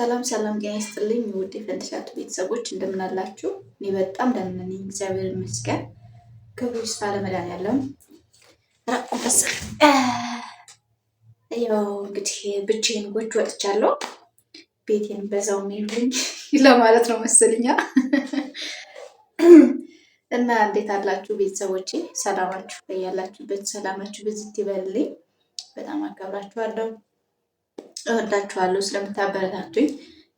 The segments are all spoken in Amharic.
ሰላም ሰላም፣ ጤና ይስጥልኝ ውድ የፈንድሻቱ ቤተሰቦች እንደምናላችሁ። እኔ በጣም ደህና ነኝ፣ እግዚአብሔር ይመስገን። ክብሩ ይስፋ ለመድኃኒዓለም። ራቆፈስ ያው እንግዲህ ብቻዬን ጎጆ ወጥቻለሁ። ቤቴን በዛው ሚሉኝ ለማለት ነው መሰልኛ። እና እንዴት አላችሁ ቤተሰቦቼ? ሰላማችሁ ያላችሁበት ሰላማችሁ ብዝት ይበልልኝ። በጣም አከብራችኋለሁ። እወዳችኋለሁ። ስለምታበረታቱኝ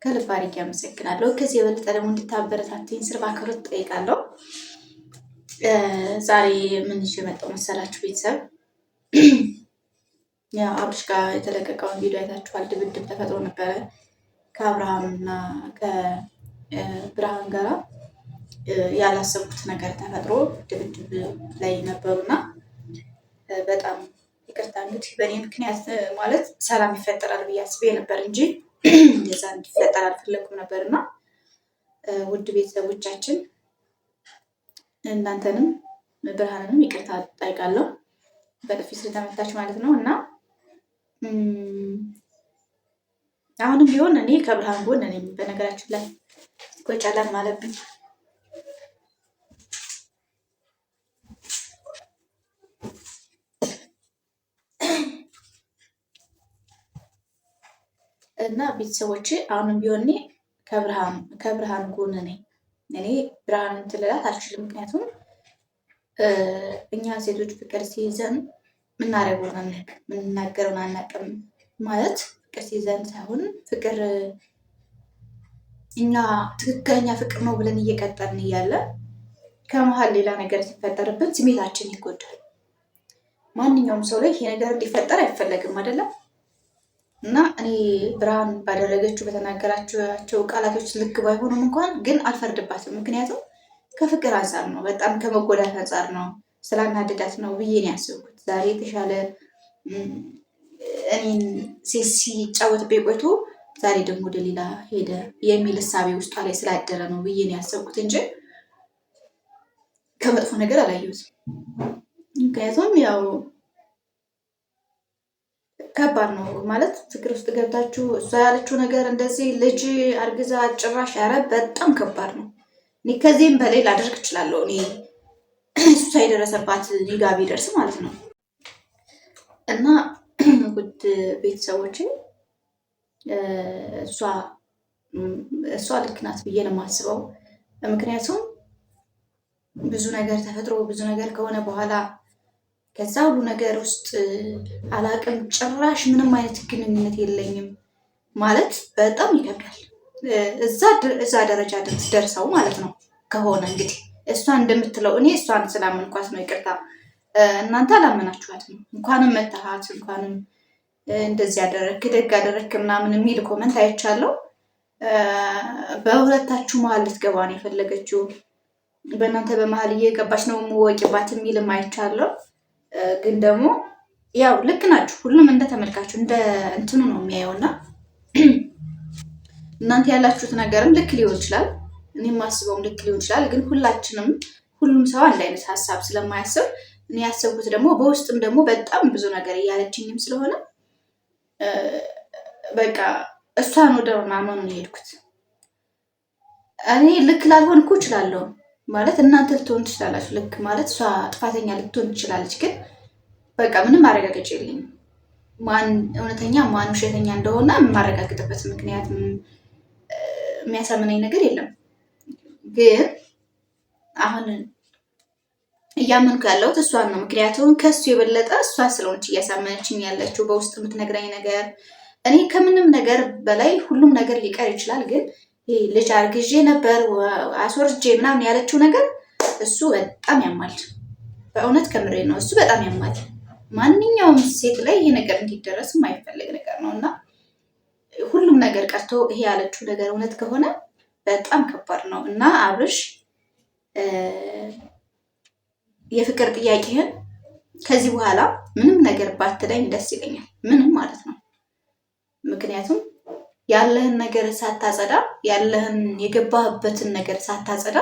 ከልብ አድርጌ አመሰግናለሁ። ከዚህ የበለጠ ደግሞ እንድታበረታቱኝ ስር በአክብሮት እጠይቃለሁ። ዛሬ ምን ይዤ መጣሁ መሰላችሁ? ቤተሰብ አብርሽ ጋር የተለቀቀውን ቪዲዮ አይታችኋል። ድብድብ ተፈጥሮ ነበረ ከአብርሃምና ከብርሃን ጋራ ያላሰብኩት ነገር ተፈጥሮ ድብድብ ላይ ነበሩና በጣም ይቅርታ እንግዲህ በእኔ ምክንያት ማለት ሰላም ይፈጠራል ብዬ አስቤ ነበር እንጂ የዛ እንዲፈጠር አልፈለኩም ነበር እና ውድ ቤተሰቦቻችን እናንተንም ብርሃንንም ይቅርታ እጠይቃለሁ በጥፊ ስለተመታች ማለት ነው እና አሁንም ቢሆን እኔ ከብርሃን ጎን እኔ በነገራችን ላይ ጎጫላን ማለብኝ እና ቤተሰቦች አሁንም ቢሆን ከብርሃን ጎን ነኝ። እኔ ብርሃን ትልላት አልችልም። ምክንያቱም እኛ ሴቶች ፍቅር ሲይዘን ምናደርገውን ምንናገረውን አናውቅም። ማለት ፍቅር ሲይዘን ሳይሆን ፍቅር እኛ ትክክለኛ ፍቅር ነው ብለን እየቀጠርን እያለ ከመሀል ሌላ ነገር ሲፈጠርብን ስሜታችን ይጎዳል። ማንኛውም ሰው ላይ ይሄ ነገር እንዲፈጠር አይፈለግም አይደለም እና እኔ ብርሃን ባደረገችው በተናገራቸው ቃላቶች ልክ ባይሆኑም እንኳን ግን አልፈርድባትም። ምክንያቱም ከፍቅር አንጻር ነው፣ በጣም ከመጎዳት አንጻር ነው፣ ስላናደዳት ነው ብዬ ያስብኩት። ዛሬ የተሻለ እኔን ሴት ሲጫወት ቤቆቱ ዛሬ ደግሞ ወደ ሌላ ሄደ የሚል እሳቤ ውስጧ ላይ ስላደረ ነው ብዬን ያሰብኩት እንጂ ከመጥፎ ነገር አላየሁትም። ምክንያቱም ያው ከባድ ነው ማለት ፍቅር ውስጥ ገብታችሁ እሷ ያለችው ነገር እንደዚህ ልጅ አርግዛ ጭራሽ ያረ በጣም ከባድ ነው። እኔ ከዚህም በላይ ላደርግ እችላለሁ። እኔ እሷ የደረሰባት ጋ ቢደርስ ማለት ነው እና ውድ ቤተሰቦች እሷ እሷ ልክ ናት ብዬ ነው የማስበው። ምክንያቱም ብዙ ነገር ተፈጥሮ ብዙ ነገር ከሆነ በኋላ ከዛ ሁሉ ነገር ውስጥ አላቅም። ጭራሽ ምንም አይነት ግንኙነት የለኝም ማለት በጣም ይከብዳል። እዛ ደረጃ ደርሰው ማለት ነው ከሆነ እንግዲህ እሷ እንደምትለው እኔ እሷን ስላመንኳት ነው። ይቅርታ እናንተ ነው። እንኳንም መታሃት እንኳንም እንደዚህ ያደረግክ ደግ አደረክ ምናምን የሚል ኮመንት አይቻለው። በሁለታችሁ መሀል ልትገባ ነው የፈለገችው። በእናንተ በመሀል እየገባች ነው የምወቂባት የሚልም አይቻለው። ግን ደግሞ ያው ልክ ናችሁ። ሁሉም እንደ ተመልካችሁ እንደ እንትኑ ነው የሚያየውና እናንተ ያላችሁት ነገርም ልክ ሊሆን ይችላል፣ እኔ የማስበውም ልክ ሊሆን ይችላል። ግን ሁላችንም ሁሉም ሰው አንድ አይነት ሀሳብ ስለማያስብ እኔ ያሰብኩት ደግሞ በውስጥም ደግሞ በጣም ብዙ ነገር እያለችኝም ስለሆነ በቃ እሷን ወደ ማመኑ የሄድኩት እኔ ልክ ላልሆንኩ ይችላለሁም። ማለት እናንተ ልትሆን ትችላላችሁ። ልክ ማለት እሷ ጥፋተኛ ልትሆን ትችላለች። ግን በቃ ምንም ማረጋገጫ የለኝም ማን እውነተኛ ማን ውሸተኛ እንደሆነ የማረጋግጥበት ምክንያት የሚያሳምነኝ ነገር የለም። ግን አሁን እያመንኩ ያለሁት እሷን ነው። ምክንያቱም ከሱ የበለጠ እሷ ስለሆነች እያሳመነችኝ ያለችው በውስጥ የምትነግረኝ ነገር እኔ ከምንም ነገር በላይ ሁሉም ነገር ሊቀር ይችላል ግን ልጅ አርግዤ ነበር አስወርጄ ምናምን ያለችው ነገር እሱ በጣም ያማል። በእውነት ከምሬ ነው። እሱ በጣም ያማል። ማንኛውም ሴት ላይ ይሄ ነገር እንዲደረስ የማይፈልግ ነገር ነው እና ሁሉም ነገር ቀርቶ ይሄ ያለችው ነገር እውነት ከሆነ በጣም ከባድ ነው እና አብርሽ የፍቅር ጥያቄህን ከዚህ በኋላ ምንም ነገር ባትለኝ ደስ ይለኛል። ምንም ማለት ነው ምክንያቱም ያለህን ነገር ሳታጸዳ ያለህን የገባህበትን ነገር ሳታጸዳ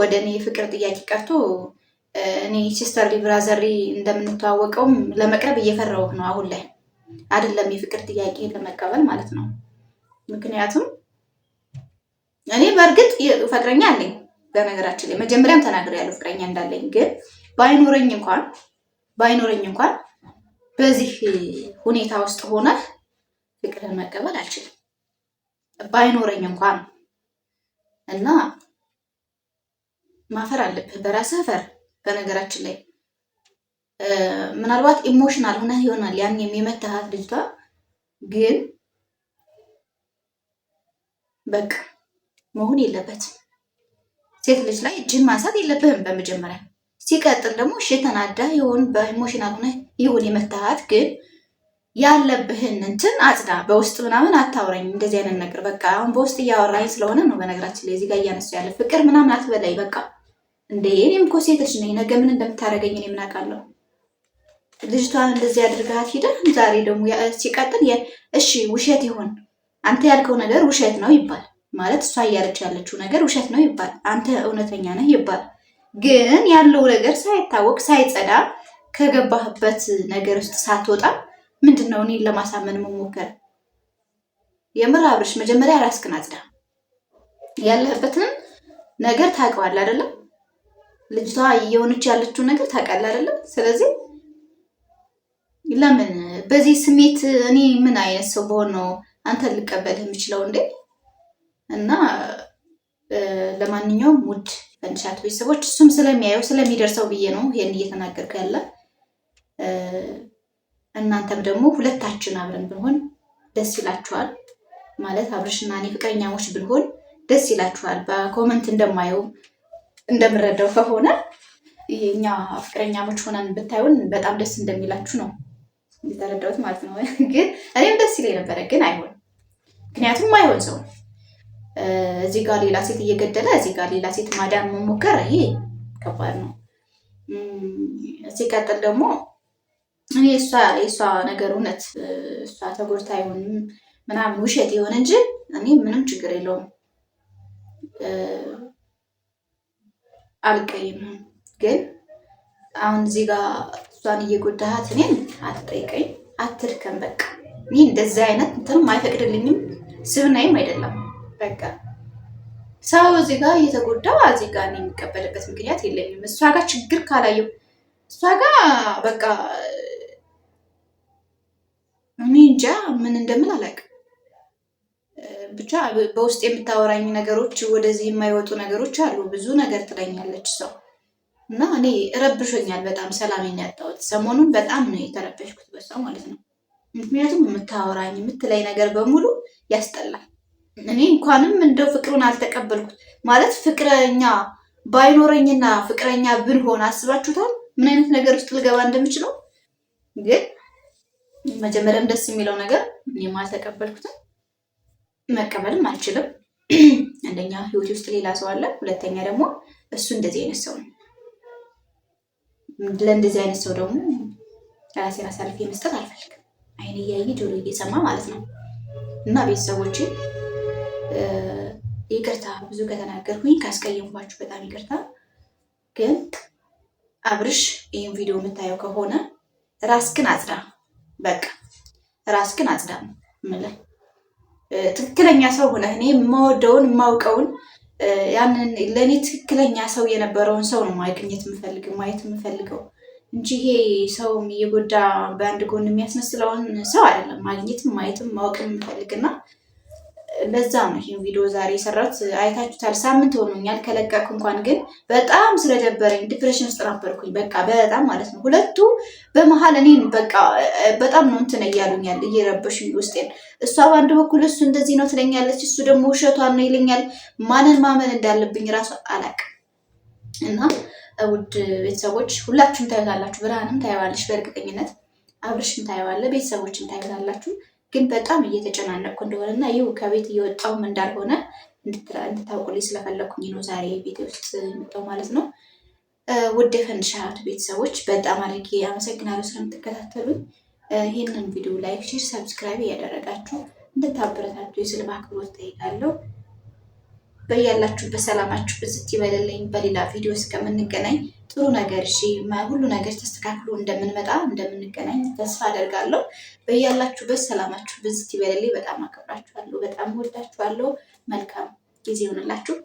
ወደ እኔ የፍቅር ጥያቄ ቀርቶ እኔ ሲስተር ብራዘሪ እንደምንተዋወቀውም ለመቅረብ እየፈራሁህ ነው። አሁን ላይ አይደለም የፍቅር ጥያቄ ለመቀበል ማለት ነው። ምክንያቱም እኔ በእርግጥ ፍቅረኛ አለኝ። በነገራችን ላይ መጀመሪያም ተናግሬያለሁ ፍቅረኛ እንዳለኝ። ግን ባይኖረኝ እንኳን ባይኖረኝ እንኳን በዚህ ሁኔታ ውስጥ ሆነህ ፍቅርን መቀበል አልችልም። ባይኖረኝ እንኳን እና ማፈር አለብህ፣ በራስህ ፈር። በነገራችን ላይ ምናልባት ኢሞሽናል ሆነህ ይሆናል ያን የሚመታሃት ልጅቷ ግን በቃ መሆን የለበትም። ሴት ልጅ ላይ እጅን ማንሳት የለብህም በመጀመሪያ። ሲቀጥል ደግሞ እሺ ተናዳ ይሁን በኢሞሽናል ሆነህ ይሁን የመታሃት ግን ያለብህን እንትን አጽዳ። በውስጥ ምናምን አታውራኝ እንደዚህ አይነት ነገር በቃ አሁን በውስጥ እያወራኝ ስለሆነ ነው። በነገራችን ላይ እዚህ ጋር እያነሱ ያለ ፍቅር ምናምን አትበላይ። በቃ እንደ እኔም እኮ ሴት ልጅ ነኝ፣ ነገ ምን እንደምታደርገኝ እኔ ምን አውቃለሁ። ልጅቷን እንደዚህ አድርገሃት ሂደህ ዛሬ ደግሞ ሲቀጥል፣ እሺ ውሸት ይሆን አንተ ያልከው ነገር ውሸት ነው ይባል ማለት እሷ እያለች ያለችው ነገር ውሸት ነው ይባል፣ አንተ እውነተኛ ነህ ይባል። ግን ያለው ነገር ሳይታወቅ ሳይጸዳ ከገባህበት ነገር ውስጥ ሳትወጣ ምንድን ነው እኔን ለማሳመን መሞከር? የምር አብርሽ መጀመሪያ ራስክን አጽዳ። ያለህበትን ነገር ታውቀዋለህ አይደለም? ልጅቷ እየሆነች ያለችውን ነገር ታውቃለህ አይደለም? ስለዚህ ለምን በዚህ ስሜት እኔ ምን አይነት ሰው በሆን ነው አንተ ልቀበል የምችለው እንዴ? እና ለማንኛውም ውድ ፈንድሻት ቤተሰቦች እሱም ስለሚያየው ስለሚደርሰው ብዬ ነው ይሄን እየተናገርኩ ያለ እናንተም ደግሞ ሁለታችን አብረን ብንሆን ደስ ይላችኋል። ማለት አብርሽና እኔ ፍቅረኛሞች ብንሆን ደስ ይላችኋል። በኮመንት እንደማየው እንደምረዳው ከሆነ እኛ ፍቅረኛሞች ሆነን ብታዩን በጣም ደስ እንደሚላችሁ ነው የተረዳሁት ማለት ነው። ግን እኔም ደስ ይለኝ ነበረ፣ ግን አይሆን ምክንያቱም አይሆን ሰው እዚህ ጋር ሌላ ሴት እየገደለ እዚህ ጋር ሌላ ሴት ማዳን መሞከር ይሄ ከባድ ነው። ሲቀጥል ደግሞ እኔ እሷ የእሷ ነገር እውነት እሷ ተጎድታ አይሆንም ምናምን ውሸት የሆነ እንጂ እኔ ምንም ችግር የለውም አልቀይም። ግን አሁን እዚህ ጋር እሷን እየጎዳሃት እኔን አትጠይቀኝ፣ አትድከም። በቃ እኔ እንደዚህ አይነት እንትንም አይፈቅድልኝም፣ ስብናይም አይደለም። በቃ ሰው እዚህ ጋር እየተጎዳ እዚህ ጋር የሚቀበልበት ምክንያት የለኝም። እሷ ጋር ችግር ካላየው እሷ ጋር በቃ እኔ እንጃ ምን እንደምን አላውቅም። ብቻ በውስጥ የምታወራኝ ነገሮች፣ ወደዚህ የማይወጡ ነገሮች አሉ። ብዙ ነገር ትለኛለች ሰው እና እኔ እረብሾኛል። በጣም ሰላሜን ያጣሁት ሰሞኑን በጣም ነው የተረበሽኩት በሰው ማለት ነው። ምክንያቱም የምታወራኝ የምትለኝ ነገር በሙሉ ያስጠላል። እኔ እንኳንም እንደው ፍቅሩን አልተቀበልኩት ማለት ፍቅረኛ ባይኖረኝና ፍቅረኛ ብንሆን አስባችሁታል ምን አይነት ነገር ውስጥ ልገባ እንደምችለው ግን መጀመሪያም ደስ የሚለው ነገር እኔም አልተቀበልኩትም መቀበልም አልችልም። አንደኛ ህይወት ውስጥ ሌላ ሰው አለ፣ ሁለተኛ ደግሞ እሱ እንደዚህ አይነት ሰው ነው። ለእንደዚህ አይነት ሰው ደግሞ ራሴን አሳልፌ መስጠት አልፈልግም። አይን እያየ ጆሮ እየሰማ ማለት ነው። እና ቤተሰቦች ይቅርታ ብዙ ከተናገርኩኝ ካስቀየምኳችሁ በጣም ይቅርታ። ግን አብርሽ ይህን ቪዲዮ የምታየው ከሆነ ራስክን አጽዳ በቃ ራስ ግን ነው ትክክለኛ ሰው ሆነ እኔ የማወደውን የማውቀውን ያንን ለእኔ ትክክለኛ ሰው የነበረውን ሰው ነው ማግኘት የምፈልግ ማየት የምፈልገው እንጂ ይሄ ሰው እየጎዳ በአንድ ጎን የሚያስመስለውን ሰው አይደለም ማግኘትም ማየትም ማወቅም የምፈልግና ለዛ ነው ይህን ቪዲዮ ዛሬ የሰራሁት። አይታችሁታል፣ ሳምንት ሆኖኛል ከለቀቅ እንኳን ግን በጣም ስለደበረኝ ዲፕሬሽን ውስጥ ነበርኩኝ። በቃ በጣም ማለት ነው። ሁለቱ በመሀል እኔን በቃ በጣም ነው እንትን እያሉኛል፣ እየረበሹኝ ውስጤን። እሷ በአንድ በኩል እሱ እንደዚህ ነው ትለኛለች፣ እሱ ደግሞ ውሸቷን ነው ይለኛል። ማንን ማመን እንዳለብኝ ራሱ አላቅም። እና ውድ ቤተሰቦች ሁላችሁም ታዩታላችሁ፣ ብርሃንም ታየዋለች በእርግጠኝነት አብርሽም ታየዋለ፣ ቤተሰቦችም ታዩታላችሁ። ግን በጣም እየተጨናነቅኩ እንደሆነ እና ይኸው ከቤት እየወጣውም እንዳልሆነ እንድታውቁልኝ ስለፈለግኩኝ ነው ዛሬ ቤት ውስጥ የመጣው ማለት ነው። ውድ የፈንድሻት ቤተሰቦች በጣም አድርጌ አመሰግናለሁ ስለምትከታተሉኝ። ይህንን ቪዲዮ ላይክ፣ ሼር፣ ሰብስክራይብ እያደረጋችሁ እንድታበረታቱ የስል በአክብሮት ጠይቃለሁ። በያላችሁ በሰላማችሁ ብዝት ይበልልኝ። በሌላ ቪዲዮ እስከምንገናኝ ጥሩ ነገር እሺ፣ ሁሉ ነገር ተስተካክሎ እንደምንመጣ እንደምንገናኝ ተስፋ አደርጋለሁ። በያላችሁበት ሰላማችሁ ብዝት ይበልልኝ። በጣም አከብራችኋለሁ። በጣም ወዳችኋለሁ። መልካም ጊዜ ይሆንላችሁ።